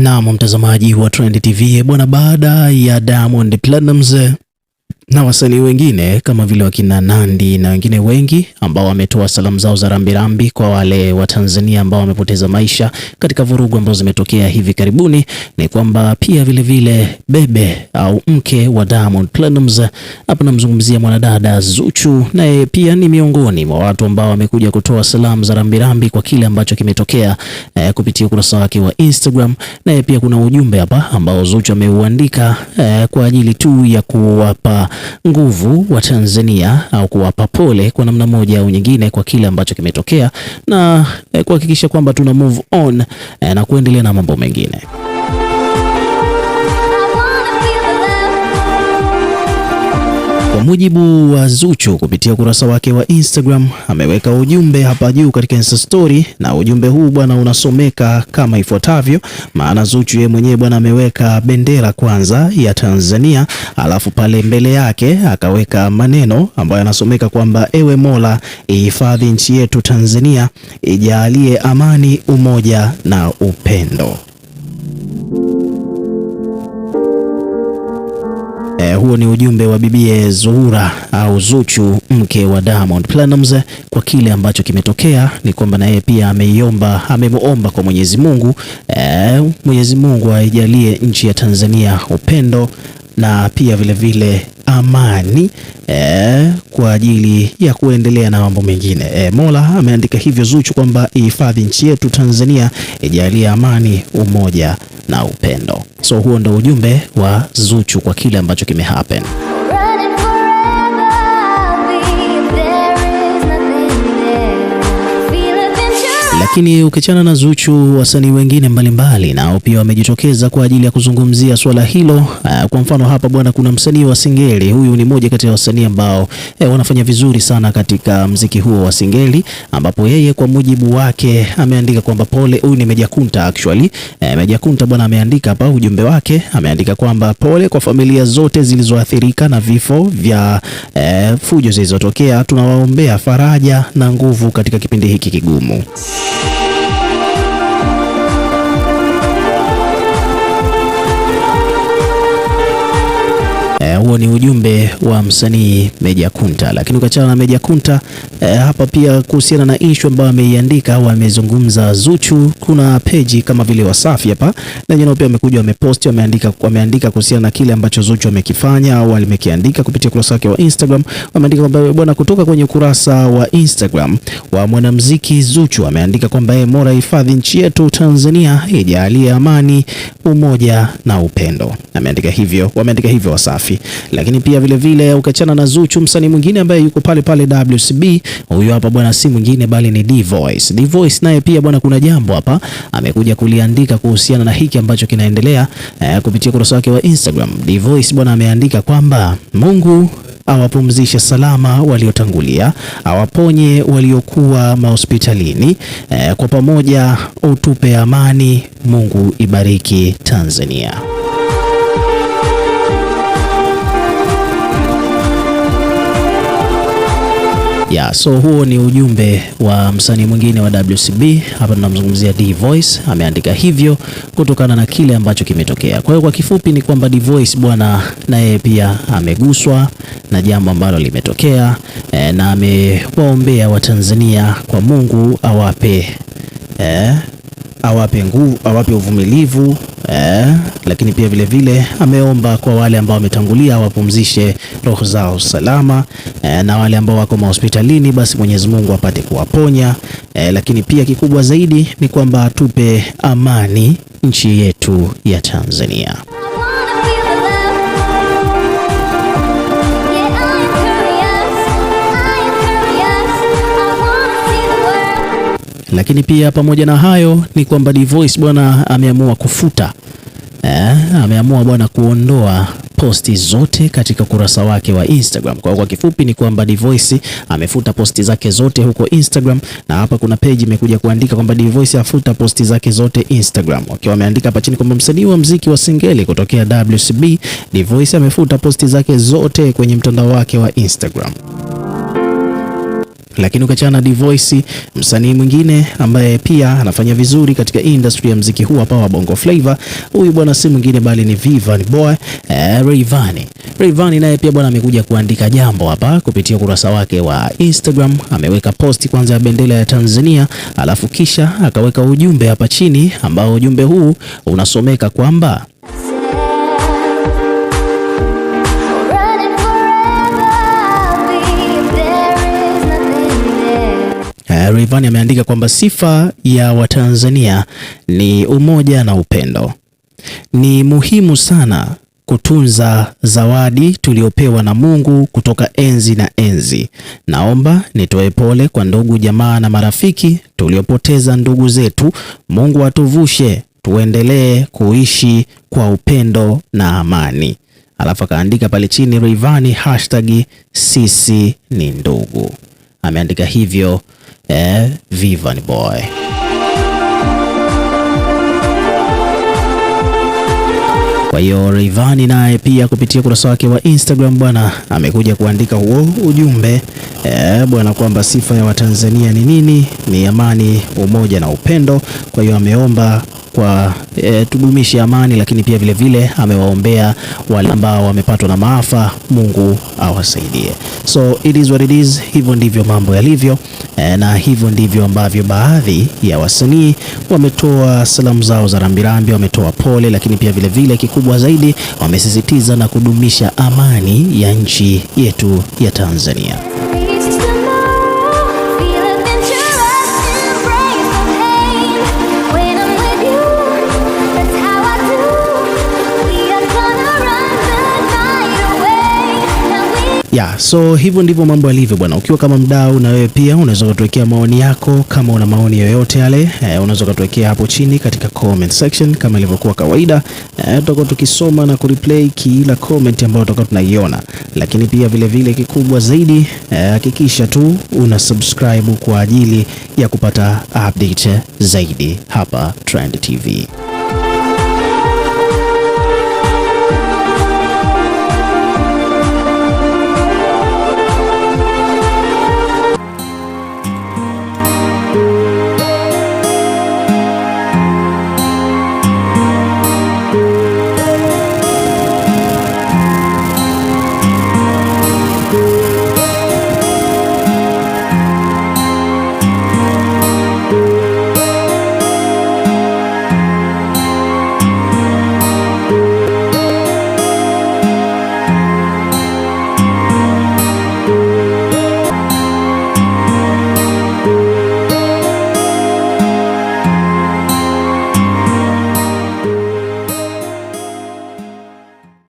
Naam, mtazamaji wa Trend TV bwana, baada ya Diamond Platnumz na wasanii wengine kama vile wakina Nandi na wengine wengi ambao wametoa salamu zao za rambirambi kwa wale wa Tanzania ambao wamepoteza maisha katika vurugu ambazo zimetokea hivi karibuni. Ni kwamba pia vile vile bebe au mke wa Diamond Platnumz, hapa namzungumzia mwanadada Zuchu, naye pia ni miongoni mwa watu ambao wamekuja kutoa salamu za rambirambi kwa kile ambacho kimetokea eh, kupitia ukurasa wake wa Instagram. Naye pia kuna ujumbe hapa ambao Zuchu ameuandika eh, kwa ajili tu ya kuwapa nguvu wa Tanzania au kuwapa pole kwa namna moja au nyingine kwa kile ambacho kimetokea na eh, kuhakikisha kwamba tuna move on eh, na kuendelea na mambo mengine. Kwa mujibu wa Zuchu kupitia ukurasa wake wa Instagram, ameweka ujumbe hapa juu katika Insta story, na ujumbe huu bwana unasomeka kama ifuatavyo. Maana Zuchu yeye mwenyewe bwana ameweka bendera kwanza ya Tanzania, alafu pale mbele yake akaweka maneno ambayo yanasomeka kwamba ewe Mola, ihifadhi nchi yetu Tanzania, ijalie amani, umoja na upendo. Eh, huo ni ujumbe wa bibie Zuhura au Zuchu mke wa Diamond Platnumz kwa kile ambacho kimetokea. Ni kwamba na yeye pia ameiomba, amemuomba kwa Mwenyezi Mungu eh, Mwenyezi Mungu aijalie nchi ya Tanzania upendo na pia vilevile vile amani e, kwa ajili ya kuendelea na mambo mengine e, Mola ameandika hivyo Zuchu kwamba ihifadhi nchi yetu Tanzania, ijalie amani, umoja na upendo. So huo ndo ujumbe wa Zuchu kwa kile ambacho kimehappen. Lakini ukichana na Zuchu, wasanii wengine mbalimbali nao pia wamejitokeza kwa ajili ya kuzungumzia swala hilo. Ah, kwa mfano hapa bwana, kuna msanii wa Singeli. Huyu ni moja kati ya wasanii ambao e, wanafanya vizuri sana katika mziki huo wa Singeli, ambapo yeye kwa mujibu wake ameandika kwamba pole. Huyu ni Kunta actually, eh, Meja Kunta bwana ameandika hapa ujumbe wake, ameandika kwamba pole kwa familia zote zilizoathirika na vifo vya e, fujo zilizotokea. Tunawaombea faraja na nguvu katika kipindi hiki kigumu. you. huo ni ujumbe wa msanii Meja Kunta. Lakini ukiachana na Meja Kunta e, hapa pia kuhusiana na ishu ambayo ameiandika au amezungumza Zuchu, kuna peji kama vile Wasafi hapa na nyingine pia wamekuja wameposti, wameandika wameandika kuhusiana na kile ambacho Zuchu amekifanya au alimekiandika kupitia ukurasa wake wa Instagram. Wameandika kwamba bwana, kutoka kwenye ukurasa wa Instagram wa mwanamuziki Zuchu ameandika kwamba yeye Mola hifadhi nchi yetu Tanzania, ijalie amani, umoja na upendo. Ameandika hivyo, wameandika hivyo Wasafi lakini pia vile vile ukachana na Zuchu, msanii mwingine ambaye yuko pale pale WCB, huyu hapa bwana, si mwingine bali ni D-Voice. D-Voice naye pia bwana, kuna jambo hapa amekuja kuliandika kuhusiana na hiki ambacho kinaendelea eh, kupitia ukurasa wake wa Instagram. D-Voice bwana ameandika kwamba Mungu awapumzishe salama waliotangulia, awaponye waliokuwa mahospitalini. eh, kwa pamoja utupe amani. Mungu ibariki Tanzania. Yeah, so huo ni ujumbe wa msanii mwingine wa WCB, hapa tunamzungumzia D Voice, ameandika hivyo kutokana na kile ambacho kimetokea. Kwa hiyo kwa kifupi ni kwamba D Voice bwana, naye pia ameguswa na jambo ambalo limetokea e, na amewaombea Watanzania kwa Mungu awape e, awape nguvu, awape uvumilivu eh, lakini pia vilevile ameomba kwa wale ambao wametangulia wapumzishe roho zao salama eh, na wale ambao wako mahospitalini basi Mwenyezi Mungu apate kuwaponya eh, lakini pia kikubwa zaidi ni kwamba atupe amani nchi yetu ya Tanzania. Lakini pia pamoja na hayo ni kwamba Divoice bwana ameamua kufuta eh, ameamua bwana kuondoa posti zote katika ukurasa wake wa Instagram. Kwa kwa kifupi ni kwamba Divoice amefuta posti zake zote huko Instagram, na hapa kuna page imekuja kuandika kwamba Divoice afuta posti zake zote Instagram, wakiwa okay, wameandika hapa chini kwamba msanii wa mziki wa Singeli kutokea WCB Divoice amefuta posti zake zote kwenye mtandao wake wa Instagram. Lakini ukiachana na Dvoice, msanii mwingine ambaye pia anafanya vizuri katika industry ya mziki huu hapa wa Bongo Flava, huyu bwana si mwingine bali ni Vivian Boy eh, Rayvanny. Rayvanny naye pia bwana amekuja kuandika jambo hapa kupitia ukurasa wake wa Instagram. Ameweka posti kwanza ya bendera ya Tanzania, alafu kisha akaweka ujumbe hapa chini ambao ujumbe huu unasomeka kwamba Rayvanny ameandika kwamba sifa ya Watanzania ni umoja na upendo. Ni muhimu sana kutunza zawadi tuliopewa na Mungu kutoka enzi na enzi. Naomba nitoe pole kwa ndugu jamaa na marafiki tuliopoteza ndugu zetu. Mungu atuvushe, tuendelee kuishi kwa upendo na amani. Alafu akaandika pale chini Rayvanny hashtag sisi ni ndugu, ameandika hivyo eh, ni Boy. Kwa hiyo Rayvanny naye pia kupitia ukurasa wake wa Instagram bwana amekuja kuandika huo ujumbe eh, bwana kwamba sifa ya Watanzania ni nini? Ni amani, umoja na upendo. Kwa hiyo ameomba kwa e, tudumishe amani, lakini pia vile vile amewaombea wale ambao wamepatwa na maafa, Mungu awasaidie. So it is what it is, hivyo ndivyo mambo yalivyo e, na hivyo ndivyo ambavyo baadhi ya wasanii wametoa salamu zao za rambirambi, wametoa pole, lakini pia vile vile kikubwa zaidi wamesisitiza na kudumisha amani ya nchi yetu ya Tanzania. yeah, so hivyo ndivyo mambo yalivyo bwana. Ukiwa kama mdau na wewe pia unaweza kutuwekea maoni yako, kama una maoni yoyote yale eh, unaweza kutuwekea hapo chini katika comment section kama ilivyokuwa kawaida eh, tutakuwa tukisoma na kureplay kila comment ambayo tutakuwa tunaiona, lakini pia vile vile kikubwa zaidi eh, hakikisha eh, tu una subscribe kwa ajili ya kupata update zaidi hapa Trend TV.